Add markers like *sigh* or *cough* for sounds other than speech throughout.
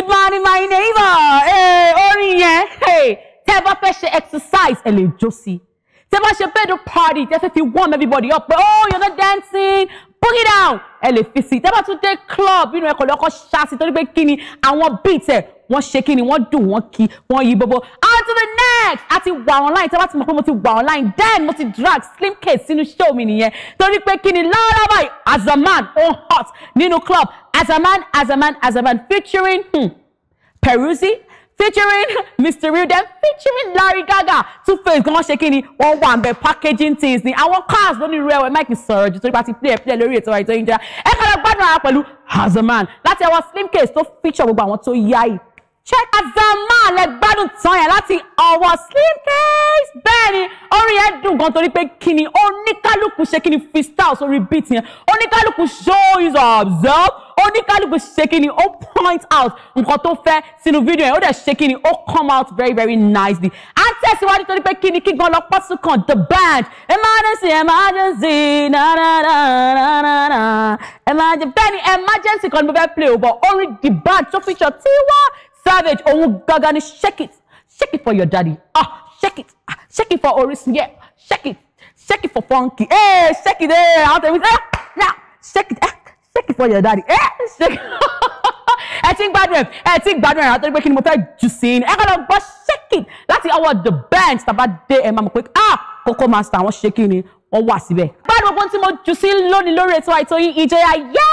good morning my neighbor hey, orin yẹn hey, tẹ́ ẹ bá fẹ́ ṣe exercise ẹ lè jó sí i tẹ́ ẹ bá ṣe birthday party tẹ́ fẹ́ fi warm everybody up pé oh you're not dancing it down ẹ lè fi sí i tẹ́ ẹ bá tún dé club inú ẹ̀kọ́ lọ́kọ́ ṣáàṣì torí pé kí ni àwọn beat ẹ̀ wọ́n ṣe kí ni wọ́n dùn wọ́n kí wọ́n yí gbogbo next a ti wà online tẹ́ bá ti mọ̀ pé mo ti wà online then mo ti drag Slimcase sínú show mi nìyẹn torí pé kí ni lọ́wọ́lọ́wọ́ báyìí man, on hot nínú club As as a a man, man, as a man. featuring hmm, Peruzzi featuring *laughs* Mr. Rudem featuring Larry Gaga Tuface gan ṣe kí ni wọ́n wà ń packaging things ni àwọn cars lónìí rẹ ẹ máìkì sọ̀rọ̀ ju torí bá ti play play lórí ètò àìtọ́ ìjọba ẹ kọ́ lọ gbádùn ara pẹ̀lú Azaman láti slim case. tó feature gbogbo àwọn tó yá yìí ṣé Kazama lẹ gbádùn tán yẹn láti ọwọ́ Slimcase bẹ́ẹ̀ ni orin yẹn dùn gan torí pé kíni oníkálukú ṣe kíni freestyle sórí beat yẹn oníkálukú show is observe oníkálukú ṣe kíni ó point out nǹkan tó fẹ́ sínú fídíò yẹn ó dẹ̀ ṣe kíni ó come out very very nicely á tẹ̀síwájú torí pé kíni kí gan lọ pọ́sù kan the band emergency emergency na na na na na na emergency bẹ́ẹ̀ emergency kan ni mo fẹ́ play o bọ̀ orin the band tó fi ṣọ tiwa. Savage òun gangan ni shake it shake it for your daddy ah shake it ah, shake it for Orisun yeah shake it shake it for funky eh hey, shake it eh àwọn tẹ̀wé eh now shake it eh shake it for your daddy eh shake it *laughs* ẹ ti ń gbádùn ẹ ẹ ti ń gbádùn ẹ àtọ́jú pé kí ni mo fẹ́ jù sí i ẹ kọ́ lọ gbọ́ shake it láti ọwọ́ the bench tàbá dé ẹ máa mọ̀ pé ah Koko Master àwọn ṣe kí ni wọ́n wà síbẹ̀. gbádùn ogun tí mo jù sí lónìí lórí ètò àìtó yín ìjọyà yẹ́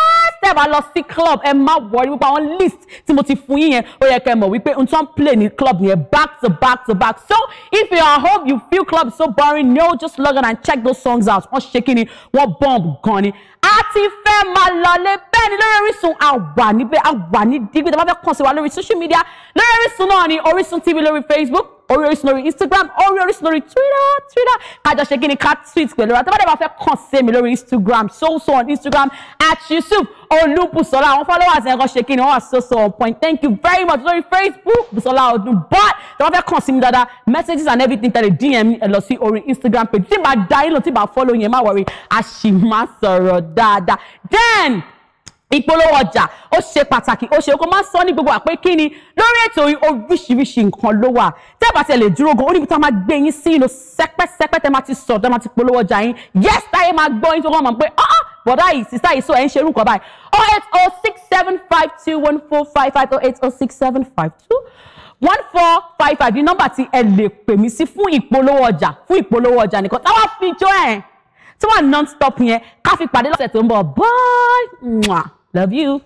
tẹ́ ẹ̀ bá lọ sí club ẹ má wọrí wípé àwọn list tí mo ti fún yín yẹn ó yẹ kẹ́ ẹ mọ̀ wípé n tó ń play ní club yẹn back to back to back so if you are home you feel club so boring no just log in and check those songs out wọ́n ṣe kí ni wọ́n bomb gan ni a ti fẹ́ máa lọ lé b bẹ́ẹ̀ ni lórí Orísun a wà níbẹ̀ a wà ní dígbì tí a bá fẹ́ kàn sí wa lórí social media lórí Orísun náà ni Orísun TV lórí Facebook orí Orísun lórí Instagram orí Orísun lórí Twitter Twitter kájọ ṣe kí ni ká tweet pẹ̀lú ra tí a bá dẹ̀ bá fẹ́ kàn sí mi lórí Instagram so so on Instagram at Yusuf Olúbùsọ́lá àwọn followers yẹn kan ṣe kí ni wọ́n wà so so on point thank you very much lórí Facebook Bùsọ́lá Ọdún but tí wọ́n fẹ́ kàn sí mi dáadáa messages and everything tẹ̀lé DM ẹ lọ sí orí Instagram page tí bá da yín lọ tí bá follow worry a sì máa then ìpolówó ọjà ó ṣe pàtàkì ó ṣe kó má sọ ní gbogbo àpé kí ni lórí ètò yìí oríṣiríṣi nǹkan ló wà tẹ́ bá tẹ̀ lè dúró gan ó níbi tá a máa gbé yín sí inú sẹ́pẹ́sẹ́pẹ́ tẹ́ máa ti sọ̀rọ̀ tẹ́ máa ti polówó ọjà yín yes táyé máa gbọ́ yín tó kọ́ mọ̀ pé ọ́ọ́ ah, ah, bọ̀dá yìí sísá yìí sọ ẹ̀ ń ṣerú nǹkan báyìí oh eight oh six seven five two one four five five oh eight oh six seven five two one four five five ní nọ́mbà tí ẹ lè pè mí sí fún ìpolówó ọjà fún ìpolówó ọjà nìkan táwa fi jó ẹ̀ tí wọ́n non-stop yẹn ká fi pàdé lọ́sẹ̀ tó ń bọ̀ bye. Love you.